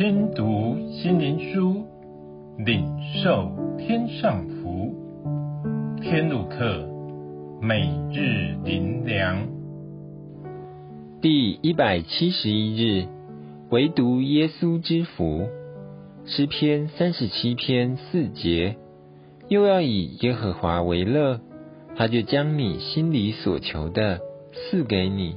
聽讀心靈書，領受天上福。天路客，每日靈糧，第一百七十一日，唯獨耶穌之福。詩篇三十七篇四節，又要以耶和華為樂，他就將你心裡所求的賜給你。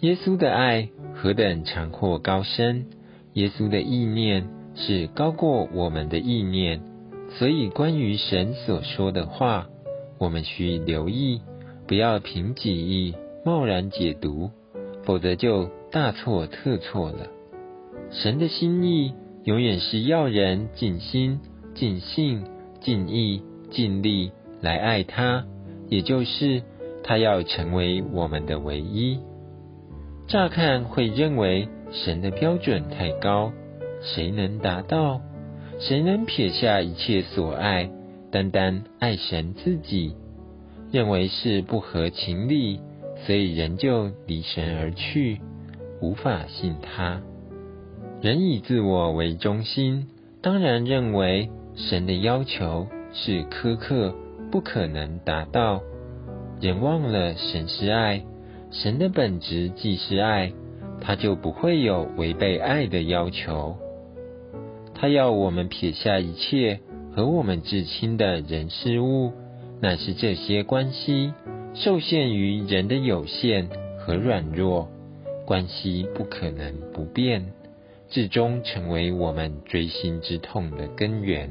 耶穌的愛何等長闊高深！耶穌的意念是高過我們的意念，所以關於神所說的話，我們需留意，不要憑己意貿然解讀，否則就大錯特錯了。神的心意永遠是要人盡心、盡性、盡意、盡力來愛他，也就是他要成為我們的唯一。乍看會認為。神的標準太高，誰能達到？誰能撇下一切所愛，單單愛神自己？認為是不合情理，所以人就離神而去，無法信他。人以自我為中心，當然認為神的要求是苛刻，不可能達到。人忘了神是愛，神的本質既是愛。他就不會有違背愛的要求。他要我們撇下一切和我們至親的人事物，乃是這些關係受限於人的有限和軟弱，關係不可能不變，至終成為我們錐心之痛的根源。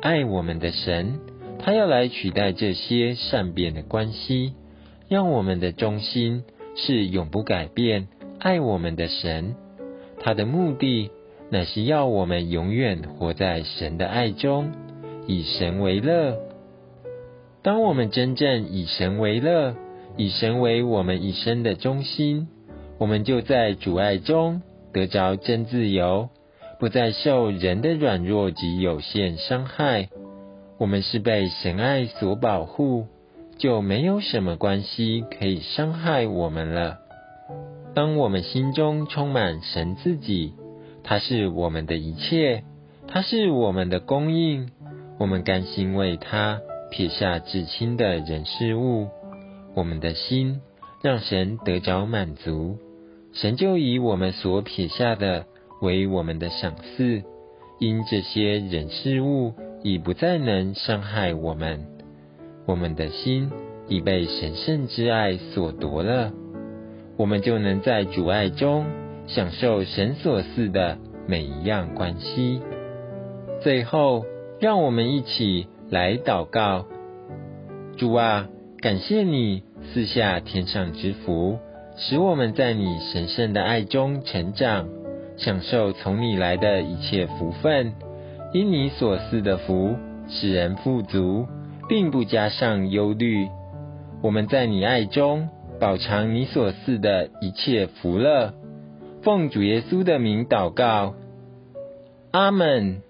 愛我們的神，他要來取代這些善變的關係，讓我們的中心是永不改變。愛我們的神，他的目的乃是要我們永遠活在神的愛中，以神為樂。當我們真正以神為樂，以神為我們一生的中心，我們就在主愛中得着真自由，不再受人的軟弱及有限傷害。我們是被神愛所保護，就沒有什麼關係可以傷害我們了。當我們心中充滿神自己，他是我們的一切，他是我們的供應，我們甘心為他撇下至親的人事物，我們的心讓神得着滿足，神就以我們所撇下的為我們的賞賜，因這些人事物已不再能傷害我們，我們的心已被神聖之愛所奪了。我們就能在主愛中，享受神所賜的每一樣關係。最後，讓我們一起來禱告：主啊，感謝你賜下天上之福，使我們在你神聖的愛中成長，享受從你來的一切福分。因你所賜的福使人富足，並不加上憂慮。我們在你愛中。飽嘗你所賜的一切福樂，奉主耶穌的名禱告，阿門。